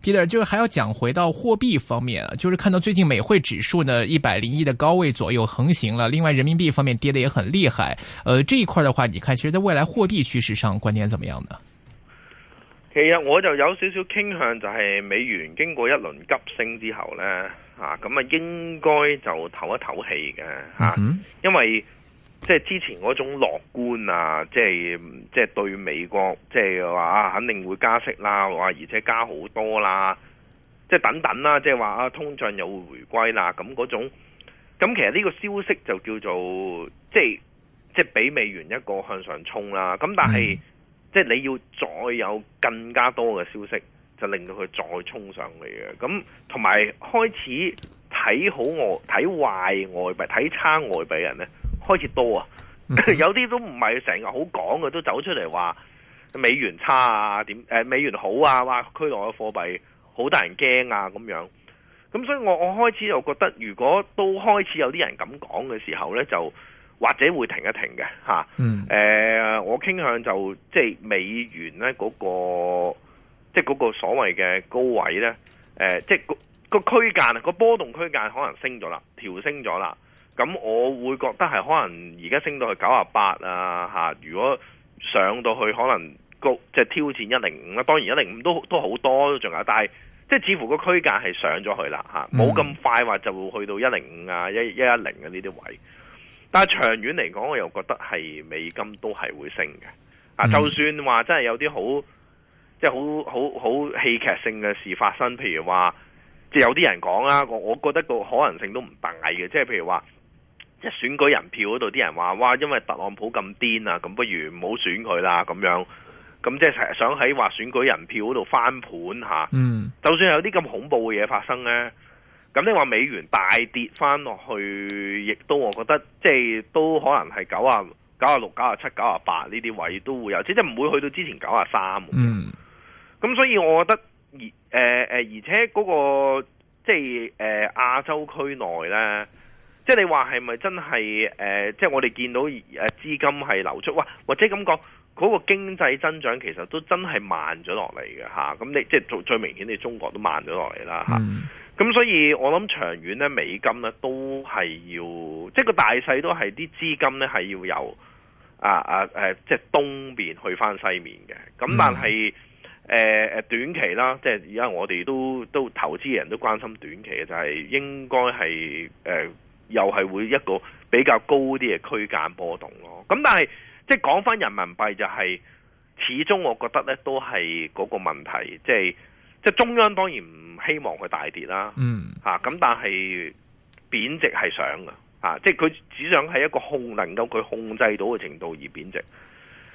Peter，就係還要講回到貨幣方面，就是看到最近美匯指數呢一百零一的高位左右橫行了。另外人民幣方面跌得也很厲害。呃，這一塊的話，你看其實在未來貨幣趨勢上，觀點怎麼樣呢？其實我就有少少傾向，就係美元經過一輪急升之後呢，吓咁啊應該就唞一唞氣嘅吓、啊，因為。即、就、係、是、之前嗰種樂觀啊，即係即係對美國即係話啊，就是、肯定會加息啦，話而且加好多啦，即、就、係、是、等等啦，即係話啊，通脹又會回歸啦。咁嗰種咁其實呢個消息就叫做即係即係俾美元一個向上衝啦。咁但係即係你要再有更加多嘅消息，就令到佢再衝上嚟嘅。咁同埋開始睇好外睇壞外幣睇差外幣人咧開始多啊，有啲都唔係成日好講嘅，都走出嚟話美元差啊，點誒美元好啊，哇！區內嘅貨幣好得人驚啊，咁樣。咁所以我我開始就覺得，如果都開始有啲人咁講嘅時候呢，就或者會停一停嘅嚇。誒、嗯呃，我傾向就即係美元呢、那、嗰個，即係嗰個所謂嘅高位呢，呃、即係個個區間個波動區間可能升咗啦，調升咗啦。咁我會覺得係可能而家升到去九啊八啊嚇，如果上到去可能高即係、就是、挑戰一零五啊，當然一零五都都好多仲有，但係即係似乎個區間係上咗去啦嚇，冇咁快話就會去到一零五啊一一一零啊呢啲位，但係長遠嚟講，我又覺得係美金都係會升嘅啊、嗯，就算話真係有啲好即係好好好戲劇性嘅事發生，譬如話即係有啲人講啦、啊，我我覺得個可能性都唔大嘅，即係譬如話。一係選舉人票嗰度，啲人話哇，因為特朗普咁癲啊，咁不如唔好選佢啦咁樣。咁即係成日想喺話選舉人票嗰度翻盤嚇。嗯，就算有啲咁恐怖嘅嘢發生咧，咁你話美元大跌翻落去，亦都我覺得即係、即係、都可能係九啊九啊六、九啊七、九啊八呢啲位都會有，即係唔會去到之前九啊三。嗯。咁所以我覺得而誒誒，而且嗰、嗰個即係誒亞洲區內咧。即係你話係咪真係誒、呃？即係我哋見到誒資金係流出，哇、呃！或者咁講，嗰、那個經濟增長其實都真係慢咗落嚟嘅吓。咁、啊、你即係最明顯，你中國都慢咗落嚟啦吓。咁、啊嗯、所以我諗長遠咧，美金咧都係要，即係個大勢都係啲資金咧係要由啊啊誒、啊，即係東面去翻西面嘅。咁但係誒誒，短期啦，即係而家我哋都都投資人都關心短期嘅，就係、是、應該係誒。呃又係會一個比較高啲嘅區間波動咯。咁但係即係講返人民幣就係、是、始終我覺得咧都係嗰個問題，即係即係中央當然唔希望佢大跌啦。嗯，嚇、啊、咁但係貶值係想嘅，嚇即係佢只想係一個控能夠佢控制到嘅程度而貶值。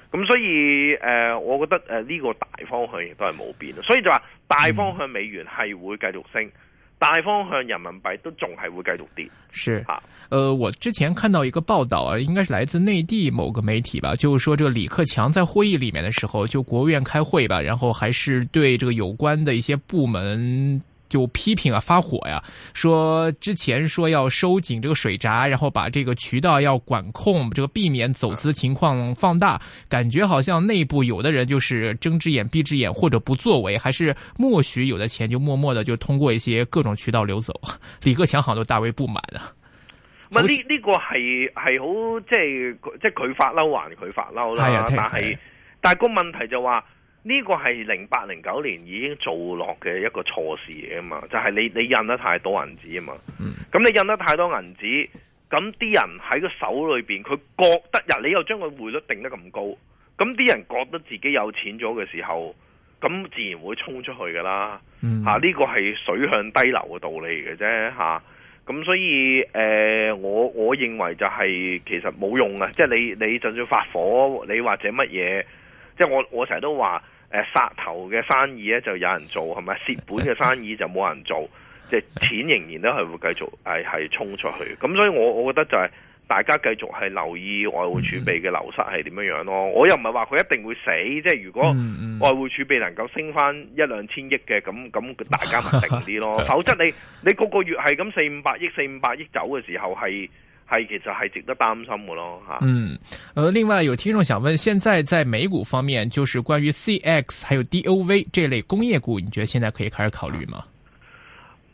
咁所以誒、呃，我覺得誒呢個大方向亦都係冇變。所以就話大方向美元係會繼續升。嗯。大方向，人民幣都仲係會繼續跌。是啊。呃，我之前看到一個報道啊，應該是來自內地某個媒體吧，就是說，這個李克強在會議裏面的時候，就國務院開會吧，然後還是對這個有關的一些部門。就批評啊，發火呀、啊，說之前說要收緊這個水閘，然後把這個渠道要管控，這個避免走資情況放大。感覺好像內部有的人就是睜隻眼閉隻眼，或者不作為，還是默許有的錢就默默的就通過一些各種渠道流走。李克強好像都大為不滿啊。呢、這個，呢個係係好，即係即係佢發嬲還佢發嬲啦、啊，但係、啊啊、但係個問題就話、是。呢、這個係零八零九年已經做落嘅一個錯事啊嘛，就係、是、你你印得太多銀紙啊嘛，咁你印得太多銀紙，咁啲人喺個手裏邊，佢覺得呀，你又將佢匯率定得咁高，咁啲人覺得自己有錢咗嘅時候，咁自然會衝出去噶啦，吓、嗯、呢、啊這個係水向低流嘅道理嘅啫吓，咁、啊、所以誒、呃、我我認為就係、是、其實冇用啊，即、就、係、是、你你就算發火，你或者乜嘢。即係我我成日都話，誒殺頭嘅生意咧就有人做係咪？蝕本嘅生意就冇人做，即係錢仍然都係會繼續係係衝出去。咁所以我我覺得就係大家繼續係留意外匯儲備嘅流失係點樣樣囉。咯、嗯。我又唔係話佢一定會死，即係如果外匯儲備能夠升翻一兩千億嘅，咁咁大家咪定啲咯。否 則你你個個月係咁四五百億、四五百億走嘅時候係。係其實係值得擔心嘅咯吓，嗯，另外有聽眾想問，現在在美股方面，就是關於 CX 還有 DOV 這類工業股，你覺得現在可以開始考慮嗎？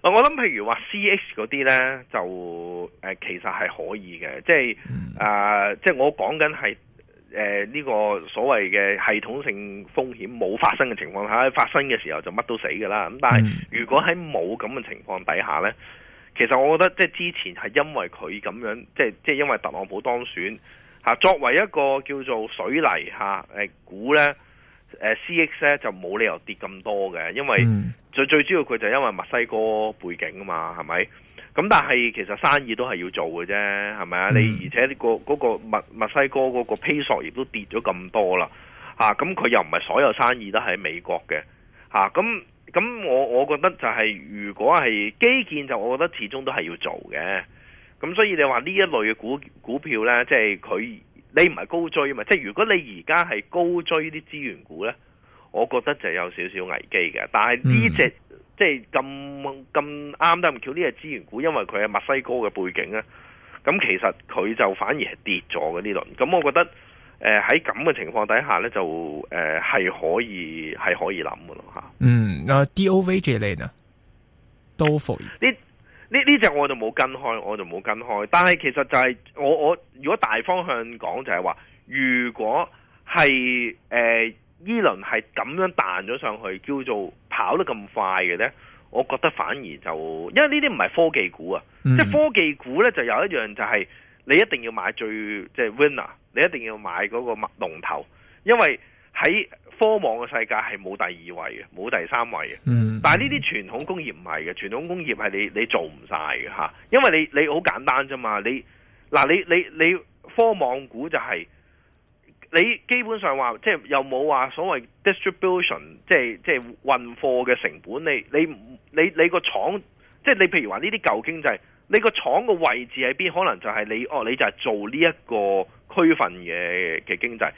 我諗，譬如話 CX 嗰啲呢，就誒、呃，其實係可以嘅，即係、嗯呃、即係我講緊係誒呢個所謂嘅系統性風險冇發生嘅情,情況下，發生嘅時候就乜都死噶啦。咁但係如果喺冇咁嘅情況底下呢？其實我覺得即係之前係因為佢咁樣，即係即係因為特朗普當選吓，作為一個叫做水泥吓誒股咧，誒 CX 咧就冇理由跌咁多嘅，因為最最主要佢就係因為墨西哥背景啊嘛，係咪？咁但係其實生意都係要做嘅啫，係咪啊？你、嗯、而且呢個個墨墨西哥嗰個 peso 亦都跌咗咁多啦，吓咁佢又唔係所有生意都喺美國嘅，吓、啊、咁。嗯咁我我覺得就係如果係基建就，我覺得始終都係要做嘅。咁所以你話呢一類嘅股股票呢，即係佢你唔係高追啊嘛。即係如果你而家係高追啲資源股呢，我覺得就有少少危機嘅。但係呢隻即係咁咁啱得咁巧，呢隻資源股因為佢係墨西哥嘅背景咧，咁其實佢就反而係跌咗嘅呢輪。咁我覺得。誒、呃，喺咁嘅情況底下呢，就誒係、呃、可以係可以諗嘅咯吓。嗯，啊 DovJ 呢？都呢呢呢隻我就冇跟開，我就冇跟開。但係其實就係、是、我我如果大方向講就係、是、話，如果係誒呢輪係咁樣彈咗上去，叫做跑得咁快嘅呢，我覺得反而就因為呢啲唔係科技股啊，嗯、即係科技股呢，就有一樣就係、是。你一定要買最即係、就是、winner，你一定要買嗰個麥龍頭，因為喺科網嘅世界係冇第二位嘅，冇第三位嘅。嗯，但係呢啲傳統工業唔係嘅，傳統工業係你你做唔晒嘅吓，因為你你好簡單啫嘛，你嗱你你你科網股就係、是、你基本上話即係又冇話所謂 distribution，即係即係運貨嘅成本，你你你你個廠，即係你譬如話呢啲舊經濟、就是。你個廠嘅位置喺邊，可能就係你哦，你就係做呢一個區份嘅嘅經濟。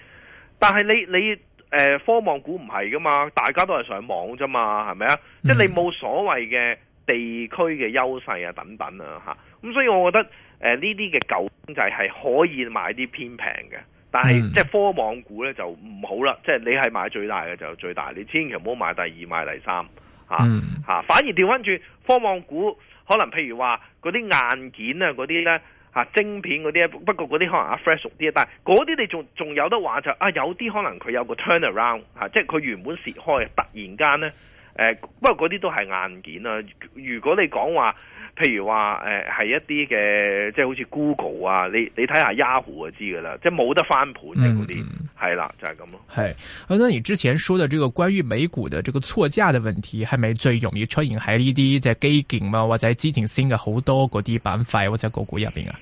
但係你你誒、呃、科網股唔係噶嘛，大家都係上網啫嘛，係咪啊？即、嗯、係你冇所謂嘅地區嘅優勢啊，等等啊吓。咁、啊、所以我覺得誒呢啲嘅舊經濟係可以買啲偏平嘅，但係、嗯、即係科網股咧就唔好啦。即、就、係、是、你係買最大嘅就最大，你千祈唔好買第二買第三吓吓。啊嗯、反而調翻轉科網股。可能譬如話嗰啲硬件啊，嗰啲咧嚇晶片嗰啲，不過嗰啲可能啊 fresh 熟啲，但係嗰啲你仲仲有得話就啊有啲可能佢有個 turnaround、啊、即係佢原本蝕開，突然間咧誒、啊，不過嗰啲都係硬件啦、啊。如果你講話譬如話誒係一啲嘅即係好似 Google 啊，你你睇下 Yahoo 就知㗎啦，即係冇得翻盤嘅嗰啲。係啦，就係咁咯。係，啊，那你之前說的這個關於美股的這個錯價的問題，係咪最容易出現喺呢啲在基建啊，或者之前升嘅好多嗰啲板塊或者個股入邊啊？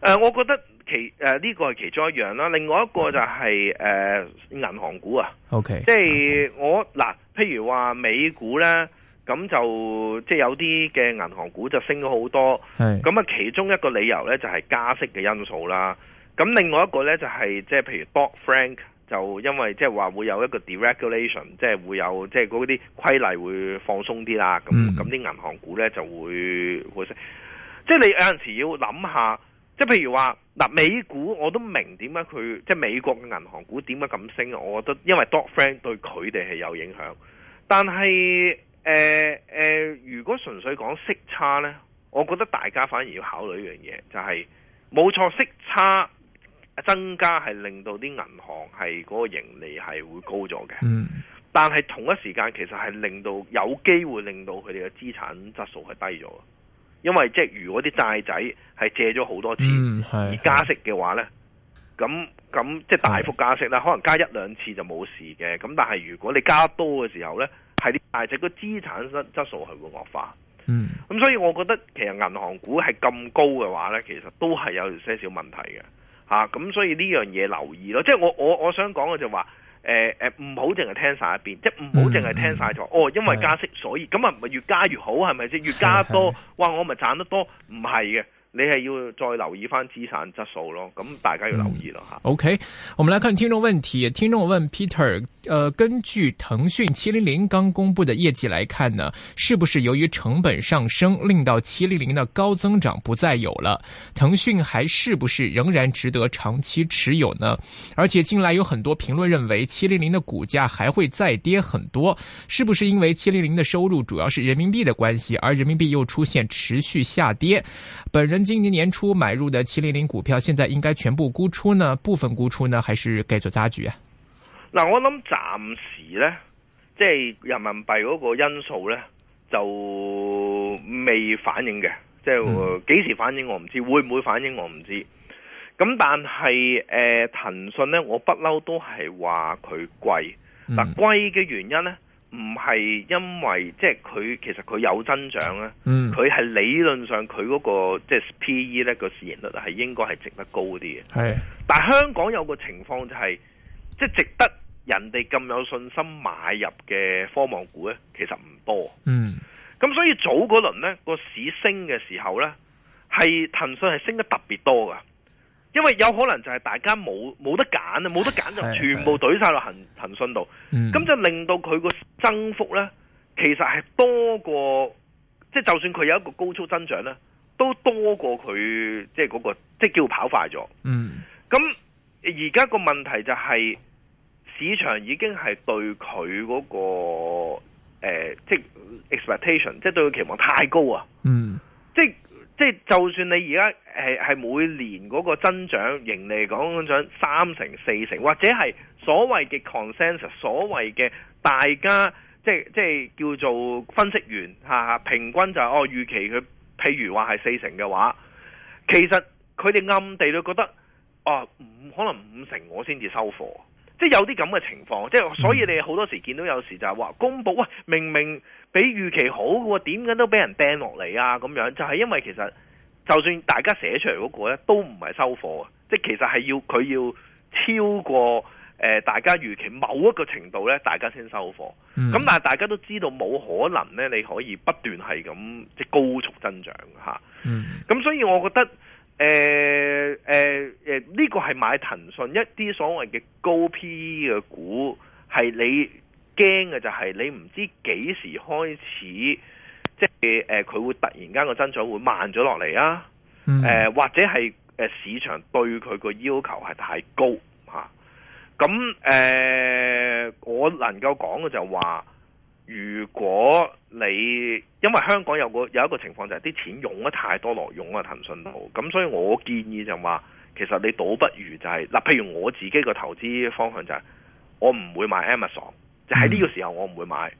誒、呃，我覺得其誒呢、呃這個係其中一樣啦、啊。另外一個就係誒銀行股啊。O、okay, K，即係我嗱、嗯，譬如話美股咧，咁就即係有啲嘅銀行股就升咗好多。係、嗯。咁啊，其中一個理由咧就係加息嘅因素啦。咁另外一個呢，就係即係譬如 Dodd-Frank 就因為即係話會有一個 deregulation，即係會有即係嗰啲規例會放鬆啲啦。咁咁啲銀行股呢，就會會升。即係你有陣時要諗下，即係譬如話嗱，美股我都明點解佢即係美國嘅銀行股點解咁升。我覺得因為 Dodd-Frank 對佢哋係有影響。但係誒誒，如果純粹講息差呢，我覺得大家反而要考慮一樣嘢，就係冇錯息差。增加係令到啲銀行係嗰個盈利係會高咗嘅、嗯，但係同一時間其實係令到有機會令到佢哋嘅資產質素係低咗，因為即係如果啲債仔係借咗好多錢，而加息嘅話呢，咁、嗯、咁即係大幅加息啦，可能加一兩次就冇事嘅，咁但係如果你加多嘅時候呢，係啲債仔嘅資產質質素係會惡化，咁、嗯、所以我覺得其實銀行股係咁高嘅話呢，其實都係有些少問題嘅。咁、啊、所以呢樣嘢留意咯，即係我我我想講嘅就話，誒誒唔好淨係聽晒一邊，即係唔好淨係聽晒咗、嗯。哦，因為加息所以咁啊，咪越加越好係咪先？越加多哇，我咪賺得多？唔係嘅。你係要再留意翻資產質素咯，咁大家要留意咯哈、嗯、OK，我們來看聽眾問題。聽眾問 Peter，呃根據騰訊七零零剛公布的業績來看呢，是不是由於成本上升令到七零零的高增長不再有了？騰訊還是不是仍然值得長期持有呢？而且近來有很多評論認為七零零的股價還會再跌很多，是不是因為七零零的收入主要是人民幣的關係，而人民幣又出現持續下跌？本人。今年年初買入的七零零股票，現在應該全部沽出呢？部分沽出呢？還是繼續揸住？啊？嗱，我諗暫時呢，即係人民幣嗰個因素呢，就未反應嘅，即係幾時反應我唔知，嗯、會唔會反應我唔知。咁但係誒，騰訊咧，我不嬲都係話佢貴，嗱貴嘅原因呢？唔係因為即係佢其實佢有增長咧，佢、嗯、係理論上佢嗰、那個即係、就是、PE 咧個市盈率係應該係值得高啲嘅。係，但係香港有個情況就係、是，即係值得人哋咁有信心買入嘅科網股咧，其實唔多。嗯，咁所以早嗰輪咧個市升嘅時候咧，係騰訊係升得特別多噶。因為有可能就係大家冇冇得揀啊，冇得揀就全部懟晒落行騰訊度，咁、嗯、就令到佢個增幅呢，其實係多過，即係就算佢有一個高速增長呢，都多過佢即係、那、嗰個，即係叫跑快咗。嗯，咁而家個問題就係、是、市場已經係對佢嗰、那個誒、呃，即 expectation，即係對佢期望太高啊。嗯即，即即係就算你而家。係係每年嗰個增長盈利講緊增長三成四成，或者係所謂嘅 consensus，所謂嘅大家即即叫做分析員嚇、啊、平均就係、是、哦預期佢譬如話係四成嘅話，其實佢哋暗地都覺得哦，五、啊、可能五成我先至收貨，即有啲咁嘅情況，即所以你好多時見到有時就係話公佈，喂，明明比預期好喎，點解都俾人掟落嚟啊？咁樣就係、是、因為其實。就算大家寫出嚟嗰個咧，都唔係收貨啊！即係其實係要佢要超過誒、呃、大家預期某一個程度咧，大家先收貨。咁、嗯、但係大家都知道冇可能咧，你可以不斷係咁即係高速增長嚇。咁、嗯、所以我覺得誒誒誒，呢、呃呃呃呢個係買騰訊一啲所謂嘅高 PE 嘅股，係你驚嘅就係你唔知幾時開始。即係誒，佢、呃、會突然間個增長會慢咗落嚟啊、嗯呃！或者係市場對佢個要求係太高嚇。咁、啊呃、我能夠講嘅就係話，如果你因為香港有個有一個情況就係啲錢用得太多落，用啊騰訊度。咁所以我建議就話，其實你倒不如就係、是、嗱，譬如我自己個投資方向就係、是，我唔會買 Amazon，就喺呢個時候我唔會買。嗯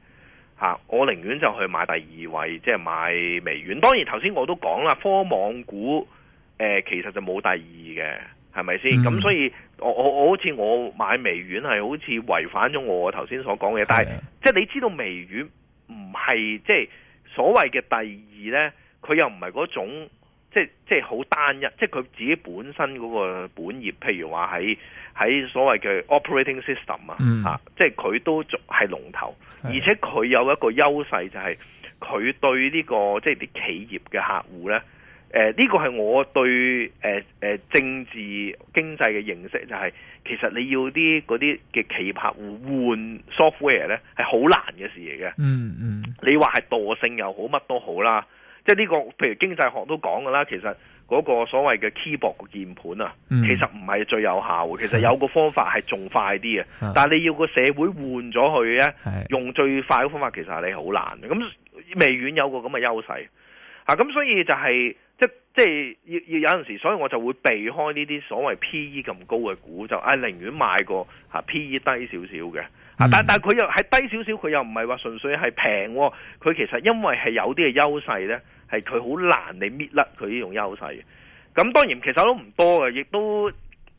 嚇、啊！我寧願就去買第二位，即係買微軟。當然頭先我都講啦，科網股、呃、其實就冇第二嘅，係咪先？咁、嗯、所以我我我好似我買微軟係好似違反咗我頭先所講嘅，但係、啊、即係你知道微軟唔係即係所謂嘅第二呢，佢又唔係嗰種。即即係好單一，即係佢自己本身嗰個本業，譬如話喺喺所謂嘅 operating system、嗯、啊，嚇，即係佢都係龍頭，而且佢有一個優勢就係、係、佢對呢、呢個即係啲企業嘅客戶呢，呢、呃呢個係我對誒誒、呃呃、政治經濟嘅認識就係、係，其實你要啲嗰啲嘅企業客戶換 software 呢，係好難嘅事嚟嘅，嗯嗯，你話係惰性又好，乜都好啦。即係呢個，譬如經濟學都講㗎啦。其實嗰個所謂嘅 keyboard 鍵盤啊、嗯，其實唔係最有效。其實有個方法係仲快啲啊、嗯，但係你要個社會換咗佢咧，用最快嘅方法，其實係你好難。咁微軟有個咁嘅優勢啊，咁所以就係、是、即即係要要有陣時候，所以我就會避開呢啲所謂 PE 咁高嘅股，就啊寧願買個啊 PE 低少少嘅啊，嗯、但但佢又係低少少，佢又唔係話純粹係平，佢其實因為係有啲嘅優勢咧。係佢好難你搣甩佢呢種優勢，咁當然其實都唔多嘅，亦都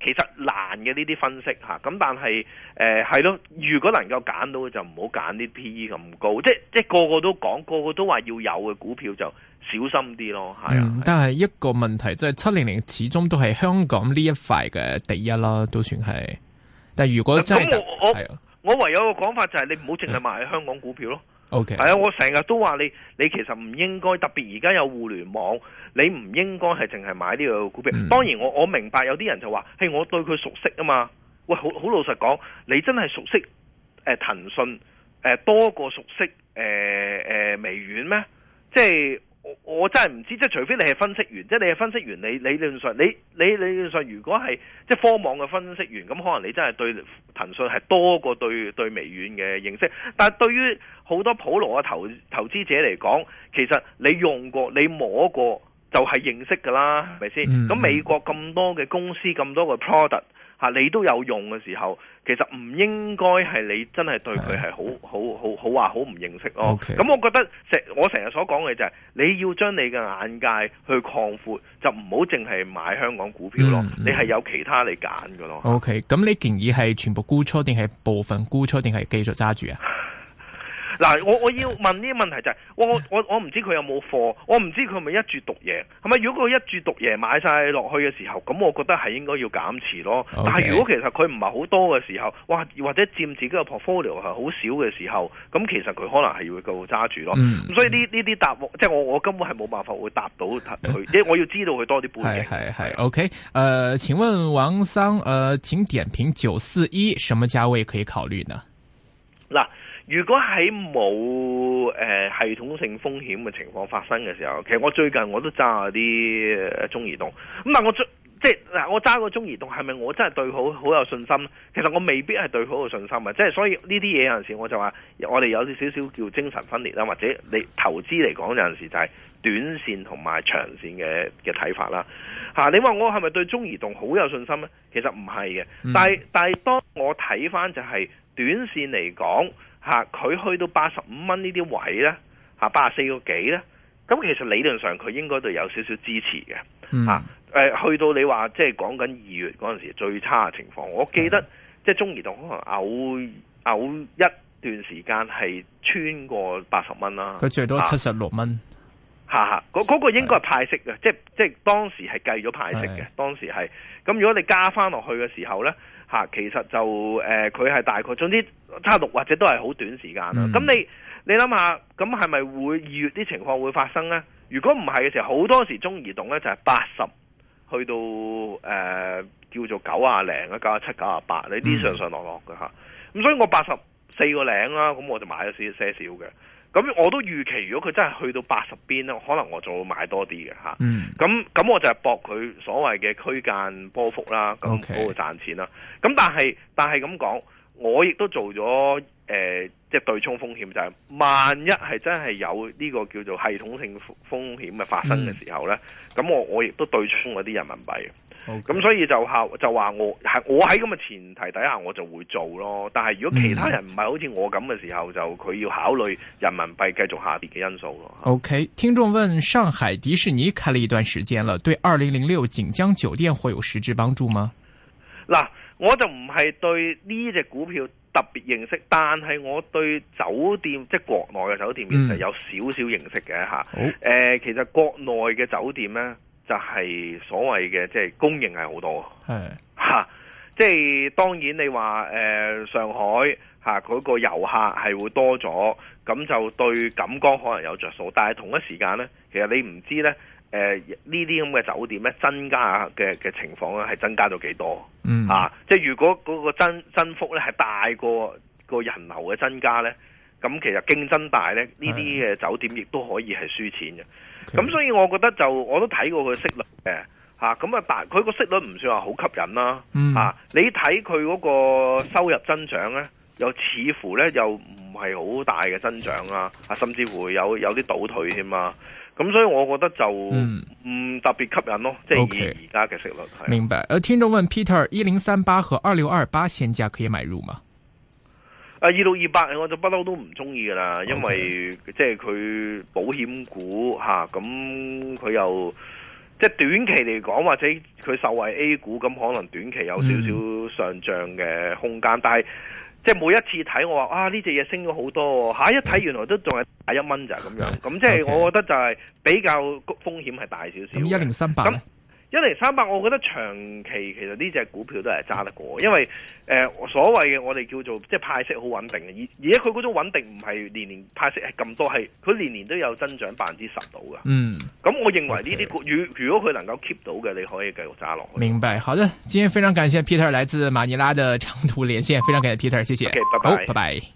其實難嘅呢啲分析吓，咁但係誒係咯，如果能夠揀到嘅就唔好揀啲 PE 咁高，即係即係個個都講，個個都話要有嘅股票就小心啲咯吓。嗯，但係一個問題即係七零零始終都係香港呢一塊嘅第一啦，都算係。但係如果真係我我，的我唯有一個講法就係、是、你唔好淨係買香港股票咯。OK，係啊，我成日都話你，你其實唔應該，特別而家有互聯網，你唔應該係淨係買呢個股票。當然我，我我明白有啲人就話，係我對佢熟悉啊嘛。喂，好好老實講，你真係熟悉誒騰訊誒多過熟悉誒誒、呃呃、微軟咩？即係。我我真係唔知，即係除非你係分析員，即係你係分析員，你你理論上，你你理論上如果係即係科網嘅分析員，咁可能你真係對騰訊係多過對對微軟嘅認識。但係對於好多普羅嘅投投資者嚟講，其實你用過，你摸過就係認識噶啦，係咪先？咁美國咁多嘅公司，咁多嘅 product。嚇，你都有用嘅時候，其實唔應該係你真係對佢係好好好好話好唔認識咯。咁、okay. 我覺得成我成日所講嘅就係、是、你要將你嘅眼界去擴闊，就唔好淨係買香港股票咯。嗯嗯，你係有其他嚟揀嘅咯。OK，咁你建議係全部沽出定係部分沽出定係繼續揸住啊？嗱，我我要問呢個問題就係、是，我我我唔知佢有冇貨，我唔知佢係咪一注獨贏，係咪？如果佢一注獨贏買晒落去嘅時候，咁我覺得係應該要減持咯。Okay. 但係如果其實佢唔係好多嘅時候，哇，或者佔自己嘅 portfolio 係好少嘅時候，咁其實佢可能係會夠揸住咯。嗯、所以呢呢啲答，即係我我根本係冇辦法會答到佢，因 為我要知道佢多啲背景。係係係 OK，誒、呃，請問王桑，誒、呃、請點評九四一，什麼價位可以考慮呢？嗱，如果喺冇誒系統性風險嘅情況發生嘅時候，其實我最近我都揸啲中移動。咁但我即係嗱，我揸個中移動係咪我真係對好好有信心，其實我未必係對好有信心嘅，即係所以呢啲嘢有陣時候我就話，我哋有啲少少叫精神分裂啦，或者你投資嚟講有陣時候就係短線同埋長線嘅嘅睇法啦。嚇，你話我係咪對中移動好有信心咧？其實唔係嘅，但係但係當我睇翻就係、是。短線嚟講，嚇佢去到八十五蚊呢啲位呢，嚇八十四個幾呢，咁其實理論上佢應該都有少少支持嘅，嚇、嗯、誒去到你話即係講緊二月嗰陣時最差嘅情況，我記得即係中移動可能偶、偶一段時間係穿過八十蚊啦，佢最多七十六蚊，嚇、啊、嚇，嗰嗰、嗰個應該係派息嘅，即即係當時係計咗派息嘅，的當時係咁如果你加翻落去嘅時候呢。吓，其實就誒，佢、呃、係大概，總之差六或者都係好短時間啦。咁、嗯、你你諗下，咁係咪會二月啲情況會發生咧？如果唔係嘅時候，好多時中移動咧就係八十去到誒、呃、叫做九啊零、九啊七、九啊八，你啲上上落落㗎。咁所以我八十四個零啦，咁我就買咗少些少嘅。咁我都預期，如果佢真係去到八十邊咧，可能我就會買多啲嘅嚇。咁、嗯、咁我就係搏佢所謂嘅區間波幅啦，咁嗰個賺錢啦。咁、okay。但係但係咁講，我亦都做咗。誒、呃，即係對沖風險就係、是，萬一係真係有呢個叫做系統性風險嘅發生嘅時候呢，咁、嗯、我我亦都對沖嗰啲人民幣。好，咁所以就考就話我係我喺咁嘅前提底下，我就會做咯。但係如果其他人唔係好似我咁嘅時候，嗯、就佢要考慮人民幣繼續下跌嘅因素咯。OK，聽眾問：上海迪士尼開了一段時間了，對二零零六錦江酒店會有實質幫助嗎？嗱，我就唔係對呢隻股票。特別認識，但係我對酒店即係國內嘅酒店其實有少少認識嘅嚇。誒、嗯呃，其實國內嘅酒店呢，就係、是、所謂嘅即係供應係好多，係嚇、啊。即係當然你話誒、呃、上海嚇嗰、啊那個遊客係會多咗，咁就對錦江可能有着數。但係同一時間呢，其實你唔知呢。誒、呃，呢啲咁嘅酒店咧，增加嘅嘅情況咧，係增加咗幾多？嗯，啊，即係如果嗰個增增幅咧係大過個人流嘅增加咧，咁其實競爭大咧，呢啲嘅酒店亦都可以係輸錢嘅。咁所以我覺得就我都睇過佢息率嘅，吓咁啊，但佢個息率唔算話好吸引啦、啊。嗯，啊，你睇佢嗰個收入增長咧，又似乎咧又唔係好大嘅增長啊，啊，甚至乎有有啲倒退添啊。咁所以，我覺得就唔特別吸引咯，嗯、即係而家嘅息率係、okay。明白。而聽眾問 Peter，一零三八和二六二八現價可以買入嗎？二二 okay. 啊，二六二八，我就不嬲都唔中意噶啦，因為即係佢保險股吓。咁佢又即係短期嚟講，或者佢受惠 A 股，咁可能短期有少少上漲嘅空間、嗯，但係。即係每一次睇，我話啊，呢隻嘢升咗好多，下一睇原來都仲係大一蚊咋，咁樣咁、yeah, okay. 即係我覺得就係比較風險係大少少，一零三八。一零三八，我覺得長期其實呢隻股票都係揸得過，因為誒、呃、所謂嘅我哋叫做即係派息好穩定嘅，而而且佢嗰種穩定唔係年年派息係咁多，係佢年年都有增長百分之十到噶。嗯，咁我認為呢啲股，如、okay. 如果佢能夠 keep 到嘅，你可以繼續揸落去。明白，好的，今天非常感謝 Peter 來自馬尼拉的長途連線，非常感謝 Peter，謝謝。OK，拜拜，拜拜。